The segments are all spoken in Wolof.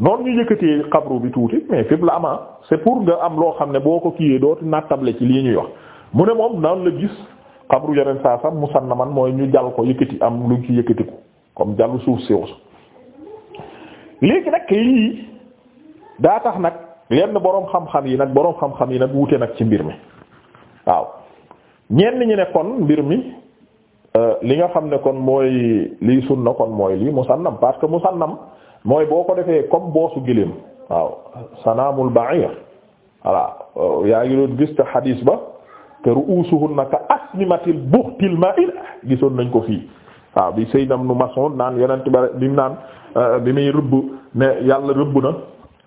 noonu ñu yëkkatee xabru bi tuuti mais fépp la ama c'est pour nga am loo xam ne boo ko kiiyee dootu nattable ci lii ñuy wax mu ne moom noonu la gis xabru yeneen saa sam musannaman mooy ñu jal ko yëkkati am lu ci yëkkatiku comme jàllu suuf si léegi nag lii daa tax nag lenn boroom xam-xam yi nag boroom xam-xam yi nag wute nag ci mbir mi waaw ñenn ñi ne kon mbir mi euh, li nga xam ne kon mooy liy sunna kon mooy lii musannam parce que musannam mooy boo ko defee comme boosu giléem waaw sanaamul ba'ir voilà yaa ngi doon gis te xadiis ba te ru'usuhunna ka asnimatil buxtil ma'ila gisoon nañ ko fii waaw bi Sayyidna Ibn Mas'ud naan yonent bi mu naan euh, bi muy rëbb ne yàlla rëbb na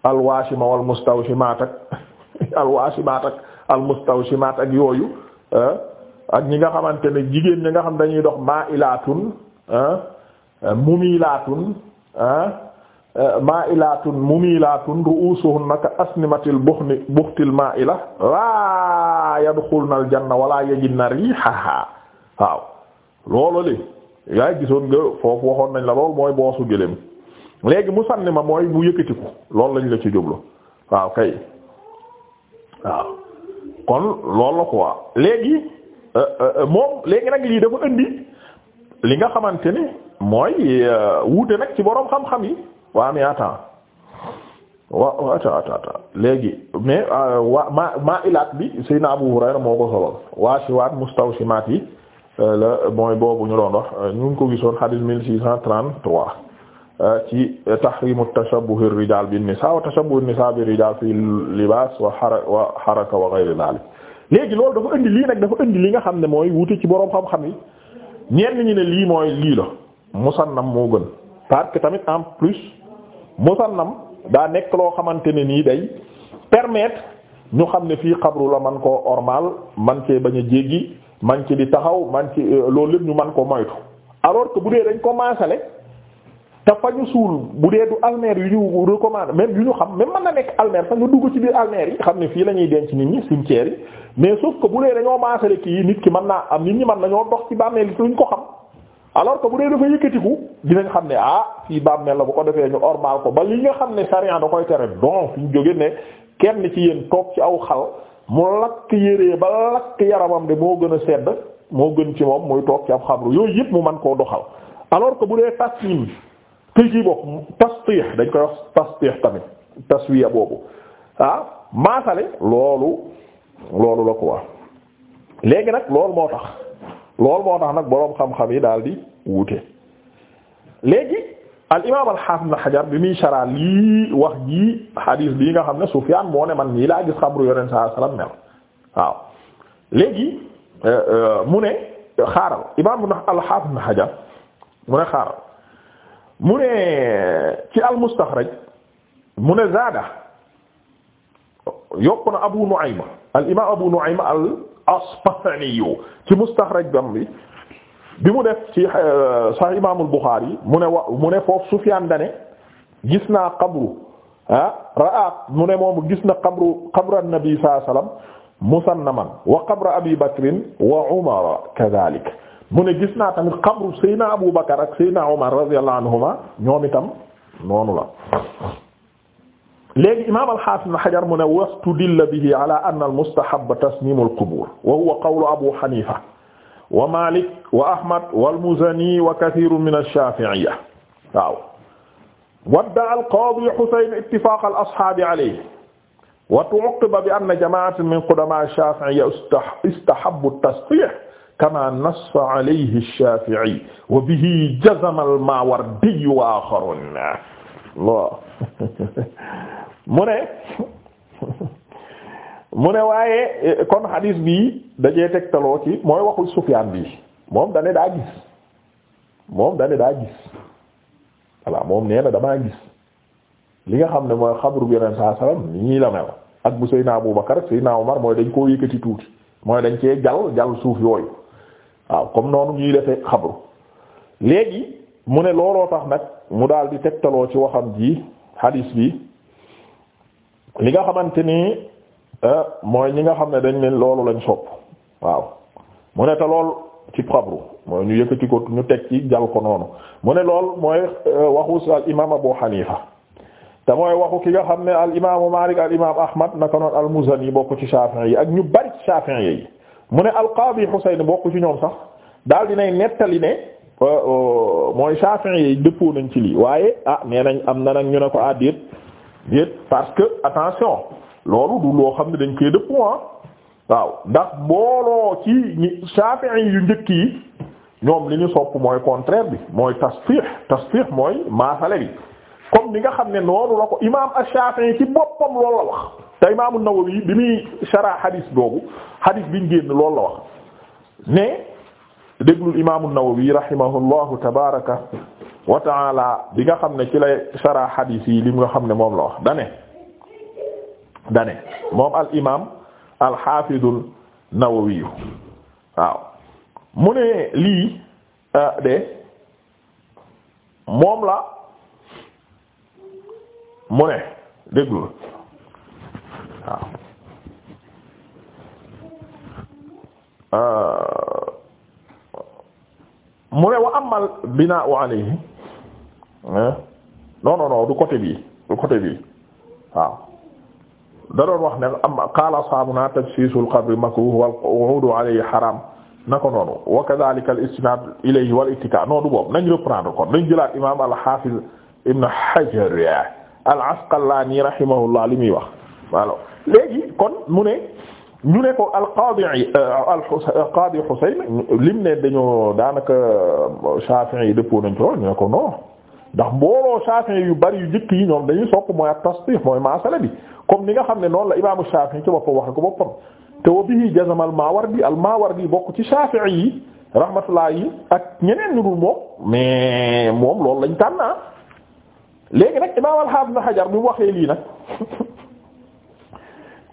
alwaashima wal mustawshimaat ak alwaashimaat ak almustawshimaat ak yooyu euh, ak ñi nga xamante ne jigéen ñi nga xam dañuy dox ma'ilatun euh, mumilatun ah ma'ilatun mumilatun ru'usuhunna ka asnimatil buxni buxtil ma'ila laa yadxulna al janna wala yajidna rihaha waaw loolu yaay gisoon nga foofu waxoon nañ la loolu mooy boosu gëléem léegi ma mooy bu yëkkatiku loolu lañu la ci jublu waaw kay waaw kon loolu la quoi léegi euh, euh, moom léegi nag lii dafa indi li nga xamante ni mooy euh, wuute nag ci boroom xam-xam yi waa mais attends wa wa attends léegi mais euh, waa ma maa ilaat bi Seydina Abu Hurayra moo ko soloon waasiwaat mustawsimaat yi euh, la mooy boobu ñu doon wax euh, ñu ngi ko gisoon hadis mille six cent trente-trois ci tahrimu tashabbuhi ar-rijaal bin-nisaa wa tashabbuhi an-nisaa bir-rijaal fi libaas wa xara xaraka wa ghayri daalik léegi loolu dafa indi lii nag dafa indi li nga xam ne mooy wuute ci boroom xam-xam yi ñenn ñi ne lii mooy lii la musannam moo gën parce tamit en plus musannam daa nekk loo xamante ne nii day permettre ñu xam ne fii xabru la man koo ormal man cee bañ a jéggi man ci di taxaw man ci euh, loolu lépp ñu man koo moytu alors que bu dee dañ ko maasale te fa ñu suul bu dee du almer yu ñu recommandé même yu ñu xam même mën na nekk almer sax nga dugg ci biir almer yi xam ne fii la denc nit ñi cimetière yi mais sauf que bu dee dañoo maasale kii nit ki mën naa am nit ñi mën nañoo dox ci bàmmeel yi duñ ko xam alors que bu dee dafa yëkkatiku dinañ xam ne ah fii baab mel la bu ko defee ñu ormal ko ba li nga xam ne sariya da koy tere donc fi ñu jóge ne kenn ci yéen toog ci aw xal mu lakk yéree ba lakk yaramam de moo gën a sedd moo gën ci moom muy toog ci ab xabru yooyu yëpp mu man koo doxal alors que bu dee taslim tëji bopp tasxiix dañ koy wax tasxiix tamit taswiya boobu ah loolu loolu la ko wax léegi nag loolu moo tax loolu moo tax nag boroom xam-xam yi daal di wute léegi al imaam al bi muy sara lii wax jii hadis bii nga xam ne Sufyaan moo ne man nii laa gis xabru yonent sallallahu alayhi wasallam mel waaw léegi euh, euh, mu ne xaaral imaam al haafid ibn Hajar mu ne xaaral mu ne ci al mustaxraj mu ne zaada yokk na Abu Nu'aym al imaam Abu Nu'aym al San'ani ci mustaxraj bam bi bi mu def ci euh, Sahih Imaamul Buxaari mu ne wa mu ne foofu Sufyaan dane gis naa qabru ah ra'a mu ne moom gis na qabru qabra nabi sallallahu alayhi wasallam musannaman wa qabra abi bakrin wa umara kadhalik mu ne gis naa tamit qabru Seydina Abu Bakar ak Seydina Umar radiyallahu anhuma ñoom itam noonu la léegi imaam al-Hafiz ibn Hajar mu ne wastudilla bihi ala anna al-mustahab tasmimu al-qubur wa huwa qawlu Abu Hanifa wa Malik wa Ahmad wal-Muzani wa kathirun min ash-Shafi'iyya waaw wadda'a al-Qadi Husayn ittifaq al-ashab alayhi wa tu'aqqaba bi anna jama'atan min qudama ash-Shafi'iyya istahabbu at-tasrih kama nassa alayhi ash-Shafi'i wa bihi jazama al-Mawardi wa akharun lo mu ne mu ne waaye kon xadiis bi dajee tegtaloo ci mooy waxul Sufyaan bi moom dane daa gis moom dane daa gis voilà moom nee na damaa gis li nga xam ne mooy xabru bi yeneen saa salaam nii la mel ak bu Seydina Abu Bakar Seydina Omar mooy dañ koo yëkkati tuuti mooy dañ cee jal jal suuf yooyu waaw comme noonu ñuy defee xabru léegi mu ne looloo tax nag mu daal di tegtaloo ci waxam ji hadis bi li nga xamante ni euh, mooy ñi nga xam ne dañ leen loolu lañu sopp waaw mu ne te lool ci xabru mooy ñu yëkkati ko ñu teg ci jal ko noonu mu ne lool mooy euh, waxu al imaam Abu Hanifa te mooy waxu ki nga xam ne al imaamu Maalik al imaam Ahmad naka noonu al Muzani bokk ci Shaafi'i yi ak ñu bari ci yi mu ne al Qaadi Husayn bokk ci ñoom sax daal dinay nettali ne. mooy Shafi'i yi dëppoo nañ ci lii waaye ah nee nañ am na nag ñu ne ko ah déet déet parce que attention loolu du loo xam ne dañ koy dëppoo ah waaw ndax booloo ci ñi Shafi'i yu njëkk yi ñoom li ñu sopp mooy contraire bi mooy tasfiix tasfiix mooy maasale bi comme li nga xam ne noonu la ko imaam Shafi'i ci boppam loolu la wax te imaam An-Nawawi bi muy sharah hadis boobu hadis biñ génn loolu la wax mais. déglul imaamu Nawawi rahimahullahu tabaraka wa bi nga xam ne ci lay sara hadis yi li nga xam ne moom la wax dane dane moom al imaam al xaafidul Nawawi waaw mu ne lii ah, de moom la mu ne déglul waaw ah. mu ne wa amal binaa'u alayhi non non non du côté bii du côté bii waaw da doon wax ne am qaala ashaabuna tajsiisul qabri makruuh wal qu'uudu alayhi haraam naka noonu wa kadhalika al istinaad ilayhi wal ittikaa non du boobu nañ reprendre kon nañ jëlaat imaam al haafiz ibn hajar al asqalaani rahimahullah li muy wax voilà léegi kon mu ne. ñu ne ko alqaadi euh, alqaadi euh, Husayn lim ne dañoo daanaka euh, Shafi'i yi dëppoo nañ ko ñu ne ko non ndax mbooloo Shafi'i yu bari yu njëkk yi ñoom dañuy sopp mooy ak tasdiq mooy masala bi comme ni nga xam ne noonu la imaamu Shafi'i ci boppam waxe ko boppam te wa bihi jazama al-Mawardi al-Mawardi bokk ci Shafi'i yi rahmatullah yi ak ñeneen ñu dul moom mais moom loolu lañ tànn ah. léegi nag imaam al-Hafiz Hajar bi mu waxee nag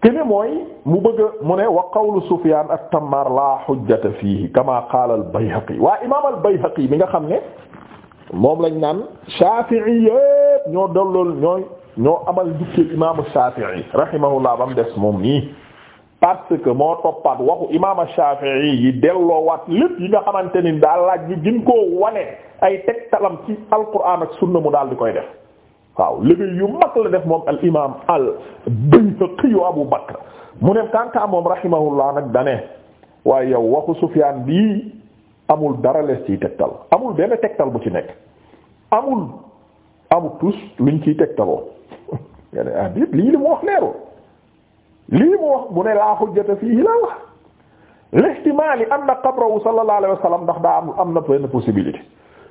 kene mooy mu bëgg mu ne wa qawlu Sufyaan at-Tammaar laa hujjata fiihi kamaa qaala al-Bayhaqi waa imaam al mi nga xam ne moom lañ naan Shaafi'i yépp ñoo dollool ñooy ñoo amal jukkeel imaamu Shaafi'i rahimahullah ba mu des moom nii parce que moo toppaat waxu imaam Shaafi'i yi delloowaat lépp yi nga xamante ni daal laaj bi gën koo wane ay tegtalam ci alquran ak sunna mu daal di koy def waaw liggéey yu mag la def moom al imaam al Bayhaqi Abu Bakr mu ne kanta moom rahimahullah nag dane waaye yow waxu Sufyaan bii amul dara lees ciy tegtal amul benn tegtal bu ci nekk amul amul tus luñ ciy tegtaloo nga ne ah lii li mu wax leerul lii mu wax mu ne laa hujjata fiihi laa wax lihtimaali anna qabrahu sallallahu alayhi wa sallam ndax daa am am na benn possibilité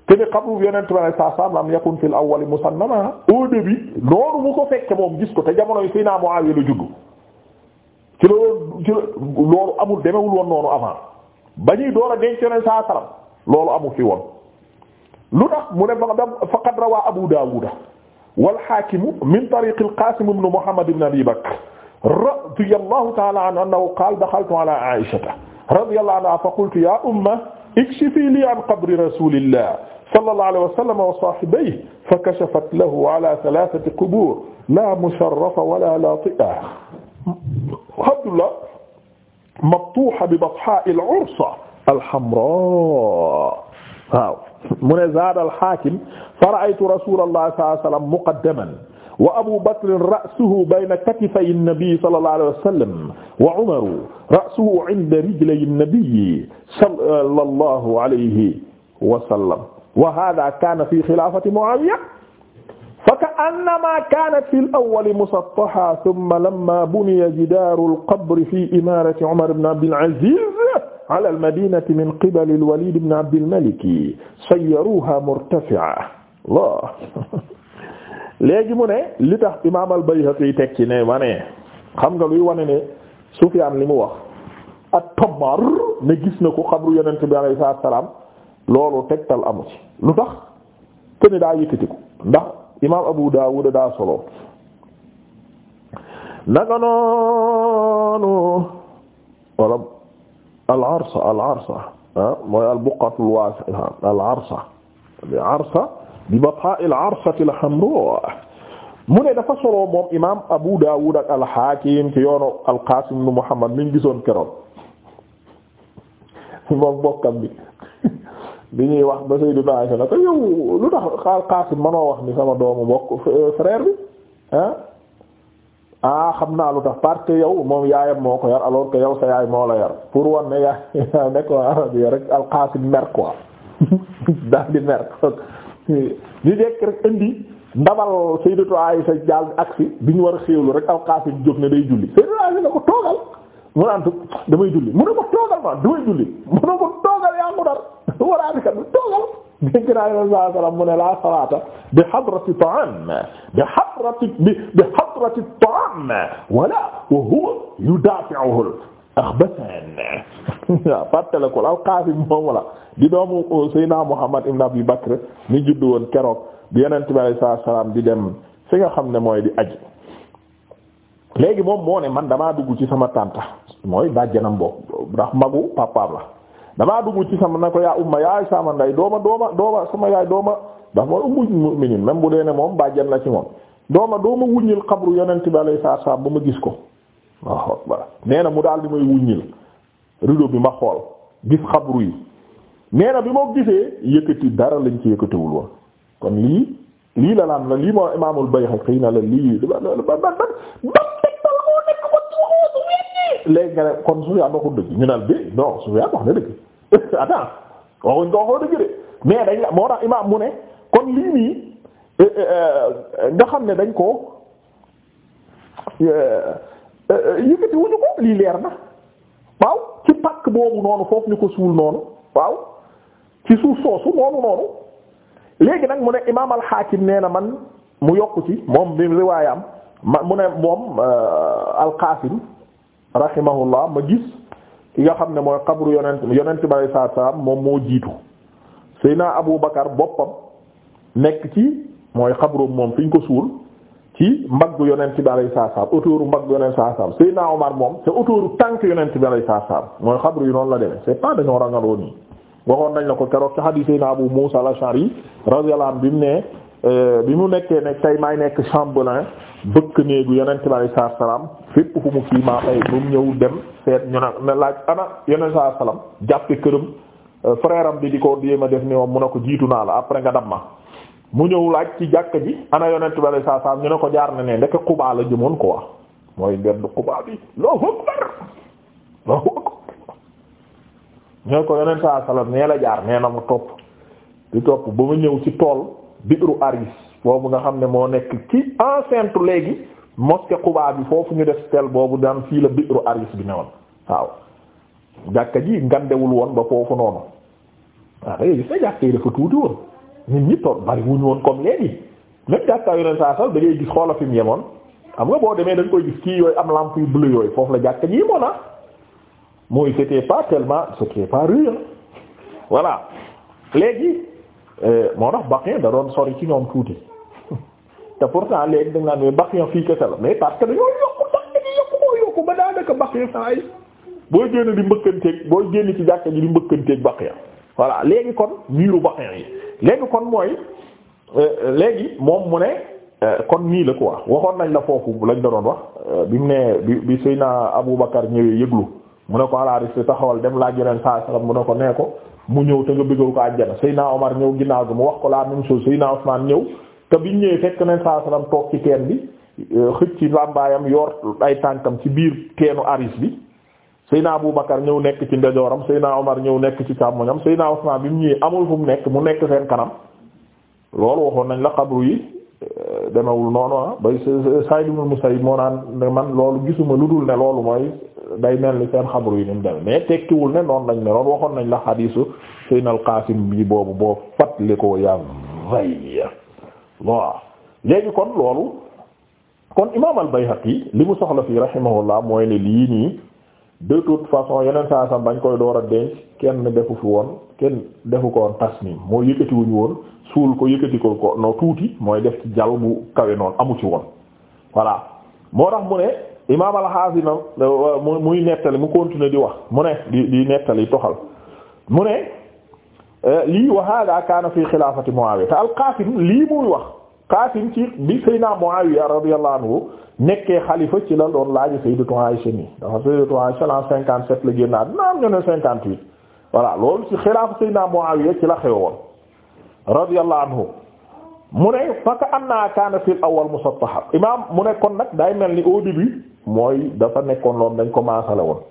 te ne xabru yonent bi saa saa lam yakun fil awwal musannama au début noonu mu ko fekke moom gis ko te jamono yi Seydina Muawiya la juddu ci loolu ci loolu amul demewul woon noonu avant ba ñuy door a denc yonent saa salam loolu amul fi woon. lu tax mu ne faqad rawaa Abu Daawud wal Haakim min tariiq al-Qaasim ibn Muhammad ibn Abi Bakr radiyallahu ta'ala anhu annahu qaala daxaltu ala Aa'ishata radiyallahu anha fa qultu yaa umma ikshifii lii an qabri rasuulillah sallallahu alayhi wa sallam wa saahibayhi fa kashafat lahu ala thalathati qubur la musharrafa wala lati'a Abdullah maftuha bi batha al-ursa al-hamra waaw mu ne zaada al-Hakim fa ra'aytu rasulallah sallallahu alayhi wa sallam muqaddaman wa Abu Bakr ra'suhu bayna katifay an-nabi sallallahu alayhi wa sallam wa Umar ra'suhu 'inda rijlay an-nabi sallallahu alayhi wa sallam wa hada kaana fi xilaafati Muawiya fa ka'annamaa kaanat fil awwali musattaha thumma lamma buniya jidaarul qabri fi imaarati Umar ibn Abdil Aziz ala al-madiinati min qibali al-Waliid ibn Abdil Malik sayyaruuha murtafi'a Allah léegi mu ne li tax imaam al-Bayhaqi teg ci ne ma ne xam nga luy wane ne Sufyaan li mu wax at-Tammaar ne gis na ko xabru Yonent bi alayhi salaam loolu tegtal amu ci lu tax këni daa yëkkatiku ndax imaam Abu Dawud daa solo naka noonu wala al arsa al bi arsa bi bataa mu ne dafa solo moom Abu Dawud ak al Hakim ci yoonu al Qasim ibn Muhammad mi ngi gisoon keroon bi bi ñuy wax ba Sayyidatu Aisha na ko yow lu tax xaal manoo wax ni sama doomu mbokk euh, frère bi ah ah xam naa lu tax parce que yow moom yaayam moo ko yar alors que yow sa yaay moo la yar pour wan nekk arabi rek al Qaasim mer quoi daal di aksi bi ñu war a xéewlu rek al Qaasim jóg ne day julli Sayyidatu Aisha na ko toogal mu naan damay julli mu ne ko toogal ma damay julli mu ne ko toogal yaa ngu dar wara bi kat toogal dégg naa yoon mu ne laa salaata bi hadrati ta'am bi hadrati bi bi hadrati ta'am wala wa huwa yudafi'uhu akhbathan waaw fàttale ko law Qaasim moomu la di doomu uh, Seydina Muhammad ibn Abi Bakr ni judd woon keroog di Yonent bi alayhi salaam di dem fi nga xam ne mooy di aji léegi moom moo ne man damaa dugg ci sama tànta mooy bàjjanam boobu ndax magu papaam la damaa dugg ci sama na ko yaa umma yaay sama dooma dooma dooma sama yaay dooma bu dee moom bàjjen la ci moom dooma dooma wuññil xabru yonent bi alayhi salaam ba ma gis ko waaw mu daal di may wuññil rido bi ma xool gis xabru yi nee bi moo gisee yëkkati dara lañ ci yëkkatiwul woon kon lii lii la laan la lii moo imaamul Bayhaqi na la lii ba ba ba ba tegtal koo nekk ba léegi nga ne kon Sufyaan waxul dëgg ñu naan bi non Sufyaan wax na dëgg attends waxuñ ko dëgg de mais dañ moo tax imaam mu ne kon lii nii euh, euh, euh, nga xam ne dañ ko yëkkati wuñu lii leer na waaw ci pakk boobu noonu foofu ñu ko suul noonu waaw ci suuf soosu noonu noonu léegi nag mu ne imaam al nee na man mu yokku ci moom bi riwaayam ma mu ne moom al-Qasim ma gis ki nga xam ne mooy xabru yonent yonent bi alay salaatu salaam moom moo jiitu Seydina Abu Bakar boppam nekk ci mooy xabru moom fi ñu ko suul ci mbaggu yonent bi alay salaatu salaam autouru mbaggu yonent salaatu salaam Seydina Omar moom c'est autouru tànk yonent bi alay salaatu salaam mooy xabru yi noonu la demee c'est pas dañoo rangaloo nii waxoon nañ la ko keroog ci hadith Seydina Abu Muusa al-Ash'ari radiyallahu anhu bi mu ne eh, bi mu nekkee ne tey maay nekk chambellan bëkk néegu yonent bi alay fépp fu mu maa fay mu ñëw dem seet ñu ne ne laaj ana yeneen saa salaam jàppe këram euh, frère bi di ko jéem a def ni moom mu ne ko jiitu naa la après nga dam ma mu ñëw laaj ci jàkka ji ana yonent tubal saa saa ñu ne ko jaar na ne ndeke Quba la jëmoon quoi mooy benn Quba bi loo foog bar ñu ne ko yonent saa salaam nee la jaar nee na mu topp di topp ba mu ñëw ci tool biiru Aris boobu nga xam ne moo nekk ci en léegi. mosquée Quba bi foofu ñu def stèle boobu daan fii la biiru aris bi ne woon waaw jàkka ji ngandewul woon ba foofu noonu waaw dangay gis ne jàkka yi dafa tuuti woon nit ñi toog bari woon comme léegi même jàkka yoneen saa sal da ngay gis xoola fi mu yemoon xam nga boo demee dañ koy gis kii yooyu am lampe yu bleu yooyu foofu la jàkka ji yemoon ah mooy c'était pas tellement c'était pas rien voilà léegi euh, moo tax baqin da doon sori ci ñoom tuuti te pourtant léegi da nga naan mais baqiya fii kese la mais parce que dañoo yokku tax na ñu yokku moo yokku ba daanaka saa yi booy génn di mbëkkanteeg booy génn ci jàkka ji di mbëkkanteeg baqiya voilà léegi kon miiru baqiya yi léegi kon mooy euh, euh, léegi moom mu ne. Euh, kon nii la quoi waxoon nañ la foofu lañ doon wax bi mu ne bi bi Seyna Aboubacar ñëwee yëglu mu ne ko alaaris te taxawal dem laa yeneen saa salaam mu ne ko nee ko mu ñëw te nga bëggal ko àjjana Seyna Omar ñëw ginnaaw gi mu wax ko la même chose Seyna Ousmane ñëw te biñ ñëwee fekk nañ saa salaam toog ci teen bi euh, xëcc ci làmbaayam yor ay tànkam ci biir teenu aris bi naa Seyna Aboubacar ñëw nekk ci ndejooram Seyna Omar ñëw nekk ci càmmoñam naa Ousmane bi mu ñëwee amul fu mu nekk mu nekk seen kanam loolu waxoon nañ la xabru yi euh, demewul noonu ah bay Saïd ibn Musayyib moo naan man loolu gisuma lu dul ne loolu mooy euh, day mel ni seen xabru yi ni mu demee mais tekkiwul ne noonu lañ ne loolu waxoon nañ la xadiisu Seyna al Qasim bi boobu boo ko yaa waaw léegi kon loolu kon imaam al yi li mu soxla fii rahimahullah mooy ne lii nii de toute façon yeneen saa sam bañ koy door a denc kenn defu fi woon kenn defu ko woon tasnim moo yëkkatiwuñu woon suul ko yëkkati ko ko no tuuti mooy def ci jal bu kawe noonu amu ci woon voilà moo tax mu ne imaam al-Hafiz na muy nettali mu continuer di wax mu ne di di nettali toxal mu ne Euh, lii wa hada kaana fi xilaafati Muawiya te al-Qaasim lii muy wax Qaasim ci bi Seydina Muawiya radiyallahu anhu nekkee xalifa ci la doon laaj Sayyidatu Aisha nii dafa Sayyidatu Aisha lan cinquante sept la génnaat naam ñu ne naa huit voilà loolu ci xilaafa Seydina Muawiya ci la xewoon mu ne faka anna kaana fil awwal musattahab imaam mu nekkoon nag day mel ni au bi mooy dafa nekkoon loolu dañ ko maasale woon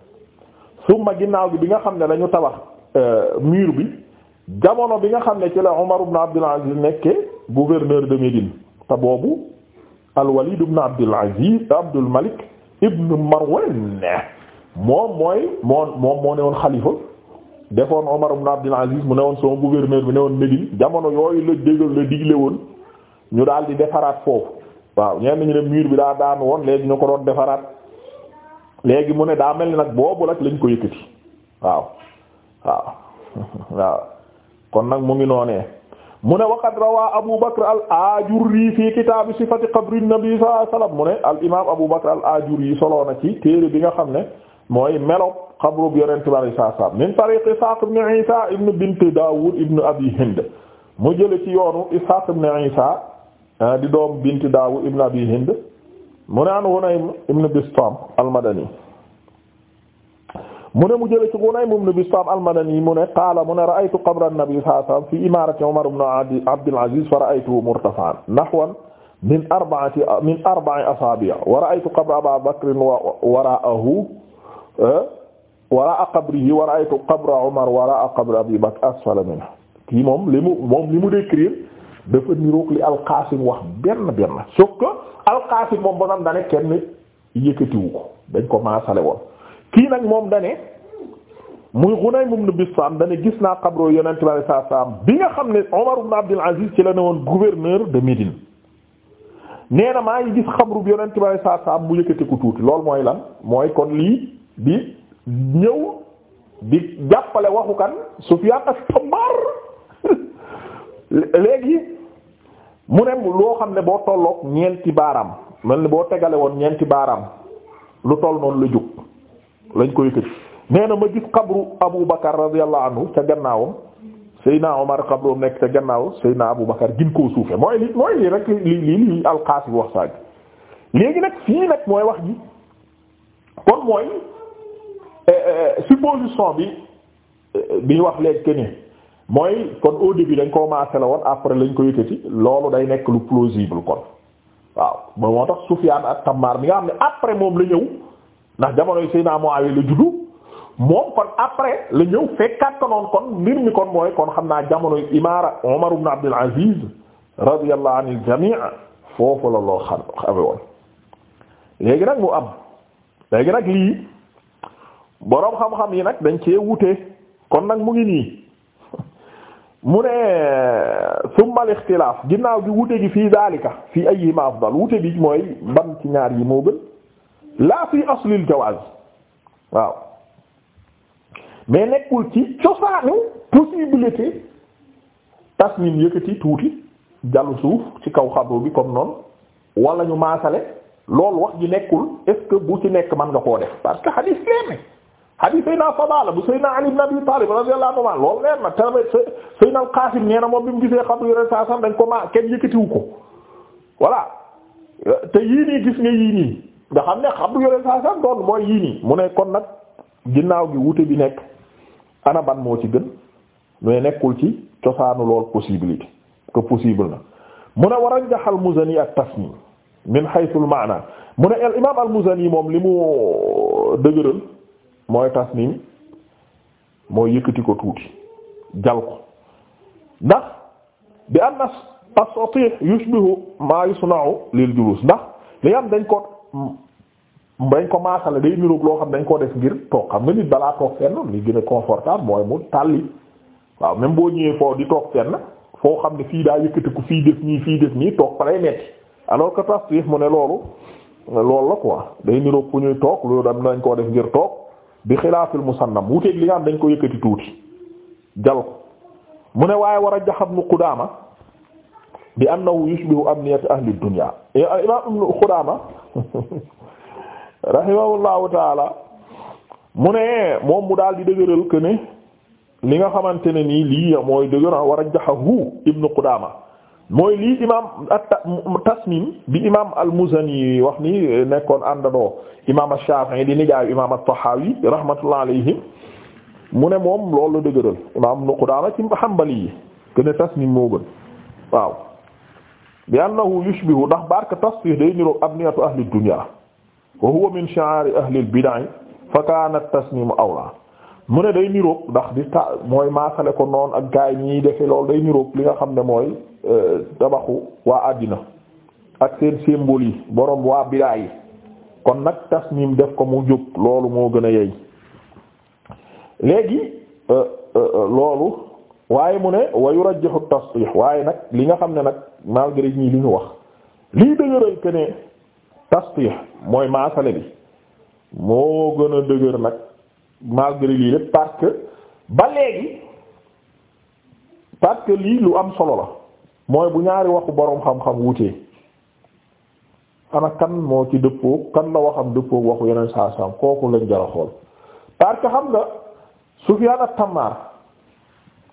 summa ginnaaw bi bi nga xam ne dañu tabax euh, miir bi jamono bi nga xam ne ci la Umar ibn Abdul Aziz nekke gouverneur de Médine te boobu al-Walid ibn Abdul Aziz Abdul Malik ibn Marwan moom mooy moo moom moo ne woon xalifa defoon Umar ibn Abdul Aziz mu ne woon son gouverneur bi ne woon Médine jamono yooyu la dégal la digle woon ñu daal di defaraat foofu waaw ñenn nañu ne miir bi daa daan woon léegi ñu ko doon defaraat léegi mu ne daa mel ni nag boobu nag lañ ko yëkkati waaw waaw waaw kon nag mu ngi noonee mu ne waqad rawaa Abu Bakr al-Ajurri fi kitaabi sifati qabri nabi sallallahu alayhi wasallam mu ne al imaam Abu Bakr al-Ajurri soloo na ci téere bi nga xam ne mooy melo xabru bi yonent bi sallallahu alayhi wasallam min tariq Ishaq ibn Isa ibn bint Dawud ibn Abi Hind jële ci yoonu Ishaq ibn Isa ah, di doom bint Dawud ibn Abi Hind mu ne an Hunaym ibn Bistam al-Madani mu ne mu jële ci Ghunaym ibn Bistaam al-Madani mu ne qaala mu ne ra'aytu qabra an-nabi sallallahu alayhi wasallam fi imarati Umar ibn Abd al-Aziz fa ra'aytuhu murtafa'an nahwan min arba'ati min arba'i asaabi' wa ra'aytu qabra Abaa Bakrin wara'ahu eh, wara'a qabrihi wa ra'aytu qabra Umar wara'a qabri Abii Bakr asfala minhu kii moom li mu moom li mu décrire dafa niroog li Al-Qaasim wax benn benn sauf que Al-Qaasim moom ba tam da ne kenn yëkkatiwu ko dañ ko maasale woon kii nag moom dane mu Ghunaym ibn Bistaam dane gis naa xabro yonent bi alayhi salaam bi nga xam ne Omar ibn Abdul Aziz ci la ne woon gouverneur de Médine nee maa ngi gis xabru bi yonent bi alayhi salaam mu yëkkati ko tuuti loolu mooy lan mooy kon lii bi ñëw bi jàppale waxu kan Sufyaan as-Sammaar léegi mu ne loo xam ne boo tolloog ñeenti baaraam mel ni boo tegale woon ñeenti baaraam lu toll noonu lu jug lañ koy tëj nee na ma gis xabru Abu Bakar radiyallahu anhu ca gannaawam Seydina Omar xabroom nekk ca gannaaw Seydina Abu Bakar gin koo suufe mooy li mooy lii rek li li li alxaasi wax saag léegi nag fii nag mooy wax ji kon mooy eh, eh, supposition bi eh, bi wax léegi que mooy kon au début dañ ko maase la woon après lañ ko yëkkati loolu day nekk lu plausible kon waaw ba moo tax Sufyaan ak Tammaar bi nga xam ne après moom la ñëw. ndax jamonoy Seydina Muawiya la juddu moom kon après la ñëw fekkaat ko noonu kon mbir mi kon mooy kon xam naa jamonoy imaara Umar ibn Abdul Aziz radiyallahu anil foofu la loo xam xame woon léegi nag mu am léegi nag lii boroom xam-xam yi nag dañ cee wute kon nag mu ngi nii mu ne summa al ginnaaw gi wute gi fii daalika fii ayyima afdal wute bi mooy ban ci ñaar yi moo gën laa fi aslil jawaaz waaw mais nekkul ci cosaanu possibilité tasmin yëkkati tuuti jàllu suuf ci kaw xabru bi comme noonu wala ñu maasale loolu wax ji nekkul est bu ci nekk man nga koo def parce que hadith leer na hadith Seydina Fadala bu Seydina Ali ibn Abi Talib radiyallahu anhu loolu leer na tamit Al-Qasim nee moom bi mu gisee xabru yore saa sax dañ ko ma kenn yëkkatiwu ko voilà te yii nii gis nga yii nii nga xam ne xam yore saa saa doon mooy yii nii mu ne kon nag ginnaaw gi wute bi nekk ana moo ci gën mais nekkul ci cosaanu lool possibilité que possible na mu ne war a jaxal Muzani ak tasni min haythul maana mu ne al imaam al Muzani moom li mu dëgëral mooy tasni mooy yëkkati ko tuuti jal ko ndax bi anna as-satih yushbihu ma yusna'u lil julus ndax li am dañ ko Hmm. bañ ko maasale day niroog loo xam dañ koo def ngir toog xam nga nit balaa toog fenn li gën a confortable mooy mu tàlli waaw même boo ñëwee foo di toog fenn foo xam ne fii daa yëkkatiku fii def nii fii def nii toog pare metti alors que tasrif mu ne loolu loolu la quoi day niroog fu ñuy toog loolu dam dañ koo def ngir toog di xilaafil musannam wuuteeg li nga xam dañ ko yëkkati tuuti jal ko mu ne waaye war a jaxab nu Qudaama bi annahu yushbihu amniyata ahli dunya eh, imam ibn Khudaama rahimahullahu taala mu ne moom mu daal di dëgëral que li nga xamante ne nii lii mooy dëgëral war a jaxahu mooy lii imam tasmim bi imam al-Muzani wax ni eh, nekkoon àndandoo imam Shaafi'i di nijaayu imam at-Tahawi rahmatullah alayhi mu ne moom loolu la dëgëral imam ibn Khudaama ci Hanbali yi que ne moo gën waaw bi annahu yushbihu ndax barka tasfih day niroog abniyatu ahli dunya wa huwa min shi'ari ahli al-bid'a fa kana at-tasnimu awla mu ne day niroog ndax di ta mooy maasale ko noonu ak gaay yi ñuy defe loolu day niroog li nga xam ne mooy euh, tabaxu waa àddina ak seen symbole yi boroom waa bid'a yi kon nag tasnim def ko mu jóg loolu moo gën a yey léegi euh, euh, loolu waaye mu ne wa yurajjihu tasrih waaye nag li nga xam ne nag malgré nii li ñu wax lii dëgëral que ne tasrih mooy maasale bi moo gën a dëgër nag malgré lii lépp parce que ba léegi parce lii lu am solo la mooy bu ñaari waxu boroom xam-xam wutee ana kan moo ci dëppoo kan la waxam dëppoo waxu yeneen saa saam kooku lañ jara xool parce xam nga Sufyaan at-Tammaar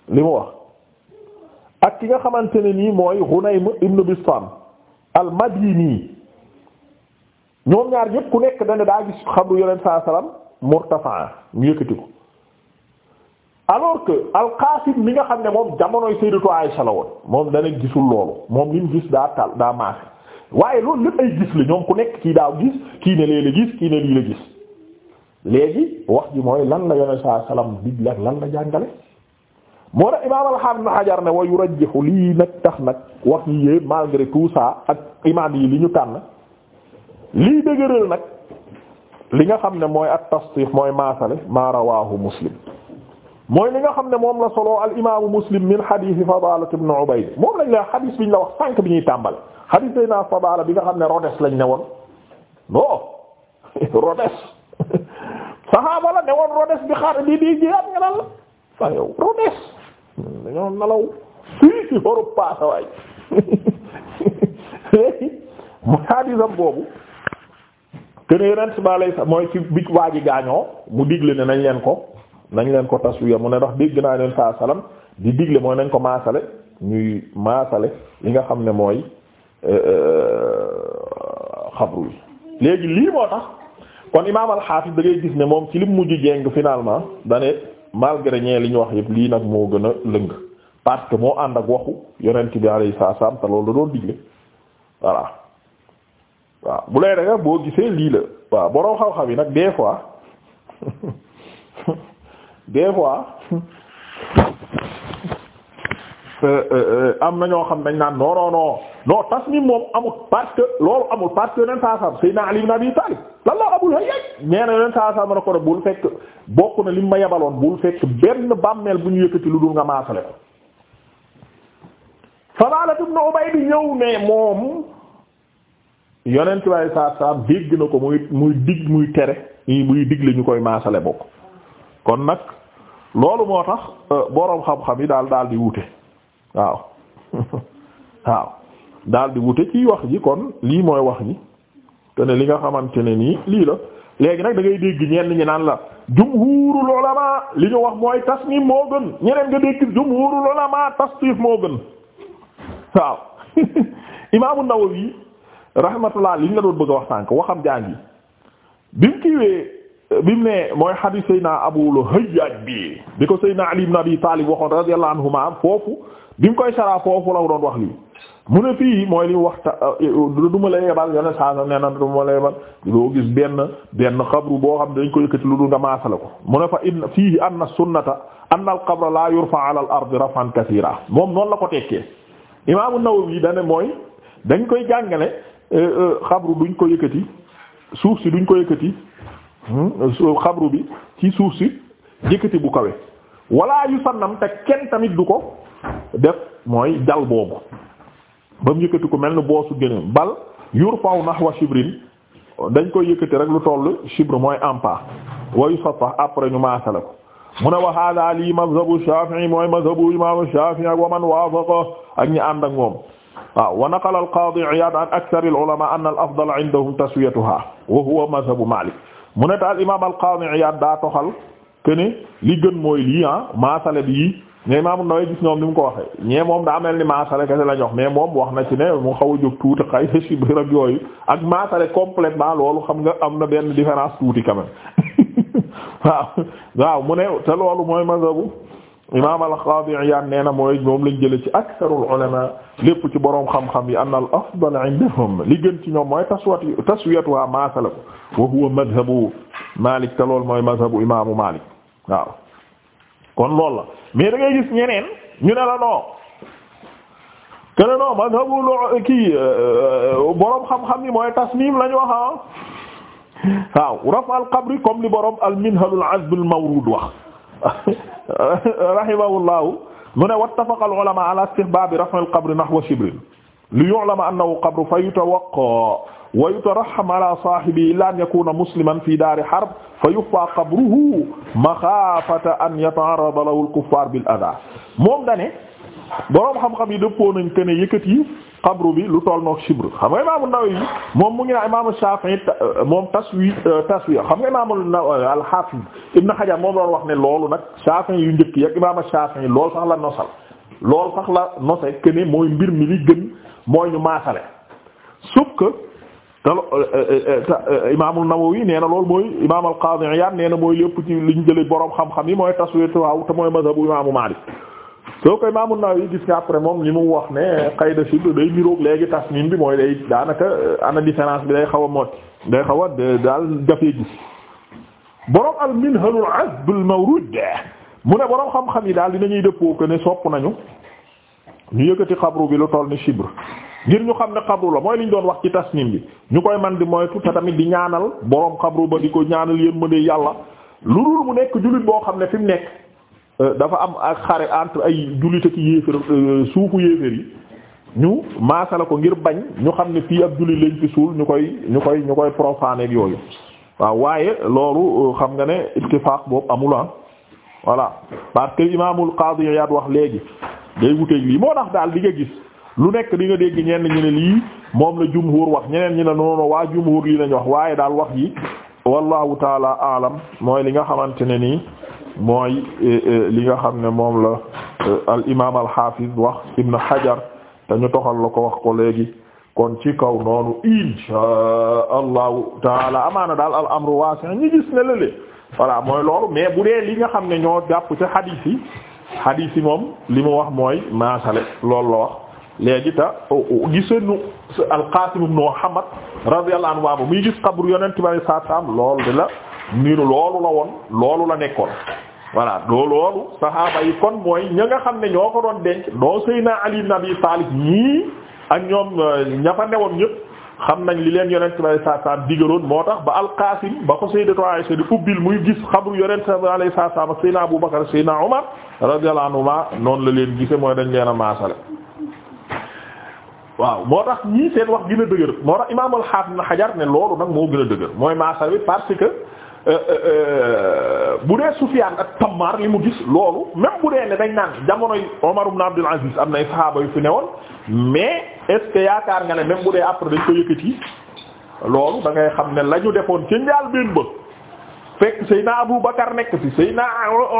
li mu wax ak ki nga xamante ne nii mooy Hunaym ibn Bistam al-Madini ñoom ñaar yépp ku nekk dana daa gis xabru yonent saa salaam murtafaa ñu yëkkati ko alors que al-Qasim mi nga xam ne moom jamonoy Sayyidatu Aisha la woon moom dana gisul loolu moom li gis daa tal daa maase waaye loolu lépp ay gis la ñoom ku nekk kii daa gis kii ne lee la gis kii ne lii la gis léegi wax ji mooy lan la yonent saa salaam digle ak lan la jàngale. moo tax imaam al-Hafiz Hajar ne wa yurajjihu lii nag tax nag wax yi yépp ak imaam yi li ñu tànn lii dëgëral nag li nga xam ne mooy at-tasdiq mooy maasale maa rawaahu Muslim mooy li nga xam ne moom la solo al imaamu Muslim min hadiisi Fadaala ibn Ubayd moom lañ la hadiis bi la wax sànq bi ñuy tàmbale hadiis day bi nga xam ne Rodes lañ ne woon Rodes saxaaba la ne woon Rodes bi xaar di di jiyaat nga la fa Rodes dañoo nalaw fii léegi boobu kene yonent mooy ci bi waa ji gaañoo mu digle ne nañ leen ko nañ leen ko taswiya mu ne ndax dégg naa leen saa di digle mooy nañ ko maasale ñuy maasale li nga xam ne mooy euh, euh, xabru yi léegi lii moo tax kon imaam al-Hafiz gis ne moom ci lim mujj jeng finalement dane malgré ñee li ñu wax yëpp lii nag moo gën a lëng parce que moo ànd ak waxu yonent bi alayhi salaam te loolu la doon digle voilà waaw bu lay rek boo gisee lii la waaw boroom xam-xam yi nag des fois des fois euh, euh, am na ñoo xam dañ naan non non non non tasmim moom amul parce que loolu amul parce que yonent saa saam Seydina Ali ibn Abi Talib lan la abul Hayyaj ñeena yonent saa saam na ko bul fekk bokk na lim ma yabaloon bul fekk benn bàmmeel bu ñu yëkkati lu dul nga maasale ko Fadaalat ibn Ubayd ñëw ne moom yonent waaye saa saa dégg na ko muy muy dig muy tere muy dig ñu koy maasale bokk kon nag loolu moo tax euh, boroom xam-xam yi daal daal di wute waaw waaw daal di wute ci wax ji kon lii mooy wax yi te ne li nga xamante ne nii lii la. léegi nag dangay dégg ñenn ñi naan la jumhurul ulama li ñu wax mooy tasnim moo gën ñeneen nga dégg jumhurul ulama tasnif moo gën waaw imaamu Nawawi rahmatullah li ñu la doon bëgg a wax sànk waxam jaangi bi mu kiiwee bi mu ne mooy xadiis Seydina Abul Hajjaj bi bi ko Seydina Ali ibn Abi Talib waxoon radiyallahu anhuma foofu bi mu koy saraa foofu la doon wax lii mu ne fii mooy li waxta euh, du ma la yebal yone saasa nee na du ma la yebal gis benn benn xabru boo xam dañ ko yëkkati lu dul nga maasala ko mu ne fa in fii anna sunnata anna al qabra la yurfa ala al ardi rafan kathira moom noonu la ko tekkee imaamu Nawawi dane mooy dañ koy jàngale euh, euh, xabru duñ ko yëkkati suuf si duñ ko yëkkati hmm, xabru bi ci suuf si yëkkati bu kawe walaa yu sannam te kenn tamit du ko def mooy jal boobu ba mu yëkkati ko mel ni boosu gëléem bal yur faw nahwa shibrin dañ koy yëkkati rek lu toll mooy ampa wayu safa après ñu maasale ko mu ne wa hada lii mazhabu Shafi'i mooy mazhabu imam Shafi'i ak wa man waafaqa ak ñi ànd wa naqala al-Qadi Iyad an akthar al-ulama anna al-afdal indahum wa huwa Malik mu ne ta al imam al daa toxal kene li gën mooy lii ah maasale mais Imaam An-Nawawi gis ñoom ni mu ko waxee ñee moom daa mel ni maasale kese la ñu wax mais moom wax na ci ne mu xaw a jóg tuuti xay si bërëb yooyu ak maasale complètement loolu xam nga am na benn différence tuuti quand même waaw waaw mu ne te loolu mooy mazhabu Imaam al-Qaadi Iyaad nee na mooy moom lañ jëlee ci aktharul ulamaa lépp ci boroom xam-xam yi anna al-afdal indahum li gën ci ñoom mooy taswiyatu taswiyatuha maasala ko wa huwa madhabu Maalik te loolu mooy mazhabu Imaamu Maalik waaw. kon loolu la mais da ngay gis ñeneen ñu ne la non que ne non mazhabu lo kii euh, euh, borom xam-xam ni mooy tasnim la ñu wax ah waaw al qabri comme li borom al minhal al azb al mawrud wax rahimahullahu mu ne wattafaqa al ulama ala istihbab raf al qabri nahwa shibrin li yu'lama annahu qabru fa yutawaqqa wa yutarahham ala saahibihi illa an yakuna musliman fi daari harb fa yuffa qabruhu maxaafata an yata'arrada lahu al-kuffaar bil moom dane boroom xam-xam yi dëppoo nañ kenn yëkkati xabru bi lu toll noog shibr xam a imaamu Nawawi moom mu ngi naan imaamu Shafi'i moom taswi taswi xam nga imaamu al-Hafiz Ibn Hajar moom wax ne loolu nag Shafi'i yu njëkk yi ak imaamu Shafi'i loolu sax la nosal loolu mooy mbir mi li gën mooy ñu maasale sauf te eh, eh, eh, imaamul Nawawi nee na loolu mooy imaam al-Qaadi Iyaad nee na mooy lépp ci ñu jëlee boroom xam-xam yi mooy taswiyatu waaw te mooy mazhabu imaamu Maalik soo ko imaamul Nawawi gis nga après moom li mu wax ne qayda shibr day niroog léegi tasmiim bi mooy day daanaka ana différence bi day xaw a mot day xaw a daal dafee gis borom al-Minhalul Azb al-Mawruud mu ne borom xam-xam yi daal dinañuy dëppoo que ne sopp nañu ñu yëkkati xabru bi lu toll ni shibr ngir ñu xam ne xabru la mooy li ñu doon wax ci tasnim bi ñu koy man di moytu te tamit di ñaanal borom xabru ba di ko ñaanal yéen mën yàlla lu dul mu nekk jullit boo xam ne fi mu nekk euh, dafa am ak xare entre ay jullit ak yéefér euh, suufu ñu maasala ko ngir bañ ñu xam ne fii ab jullit lañ fi suul ñu koy ñu koy ñu koy profané ak yooyu waaw waaye loolu euh, xam nga ne i ittifaaq boobu amula ah. voilà parce que imaamul yaa Iyaad wax léegi day wuteeg lii moo tax daal li nga gis lu nekk li nga dégg ñenn ñu ne lii moom la jumhur wax ñeneen ñi ne noonu waa jumhur lii lañ wax waaye daal wax yi wallahu taala alam mooy li nga xamante ne nii mooy e, e, li nga xam ne moom la e, al imaam al hafiz wax ibn xajar dañu toxal la ko wax ko léegi kon ci kaw noonu insha allahu taala amaana daal al amru wasi' ñu gis ne lële voilà mooy loolu mais bu dee li nga xam ne ñoo jàpp ci hadith yi hadith yi moom li mu wax mooy maasale loolu la wax léegi ta oh, oh, gisanu al-Qasim ibn Muhammad radiyallahu anhu muy gis xabru yonent bi saa saam loolu la niru loolu la woon loolu la nekkoon voilà loolu saxaaba yi kon mooy ña nga xam ne ñoo ko doon denc doo Seydina Ali ibn Abi Talib ñii ak ñoom euh, ña fa newoon ñëpp xam nañ li leen yonent bi saa saam digaloon moo tax ba al-Qasim ba ko Sayyidatu Aisha di ubbil muy gis xabru yonent bi saa saam ak Seydina Abu Bakar Seydina Umar radiyallahu anhuma noonu la leen gisee mooy leen a waaw moo tax ñii seen wax gën a dëgër moo tax imaam al na Hajar ne loolu nag moo gën a dëgër mooy maasa bi parce que euh, euh, euh, bu dee Sufyaan ak Tammaar li mu gis loolu même bu dee ne dañ naan jamonoy Omar ibn Abdul Aziz am nay saxaaba yu fi newoon mais est yaakaar nga ne même bu dee après dañ ko yëkkati loolu da ngay xam ne la ñu defoon ci njaal benn ba fekk Seydina Abu Bakar nekk ci Seydina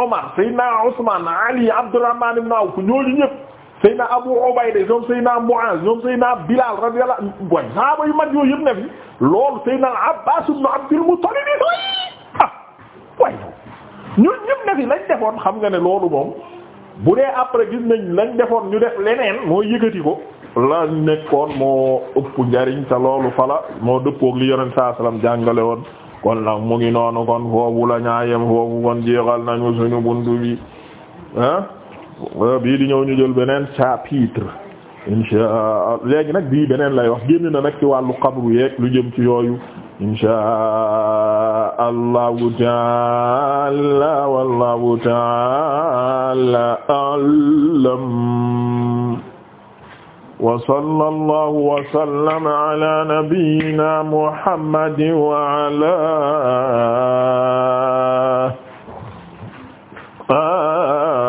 Omar Seydina Usmaan Ali Abdurrahmaan ibn Awf ñooñu ñëpp. Seydina Abu Ubayda ñoom Seydina Muaz ñoom Seydina Bilal radiyallahu anhu boy saaba yu mag yooyu yëpp ne fi loolu Seydina Abbas ibn Abdul Muttalib yi doy ah way ñun ñëpp ne fi lañ defoon xam nga ne loolu moom bu dee après gis nañ lañ defoon ñu def leneen moo yëkkati ko la nekkoon moo ëpp njariñ te loolu fala moo dëppook li yonent saa salaam jàngale woon kon nag mu ngi noonu kon foofu la ñaayem foofu kon jeexal nañu suñu buntu bi ah bii di ñëw ñu jël beneen chapitre insha léegi nag bii beneen lay wax génn na nag ci wàllu xabru yeeg lu jëm ci yooyu insha allahu taala wallahu taala alam wa sallallahu wa sallama ala nabiyyina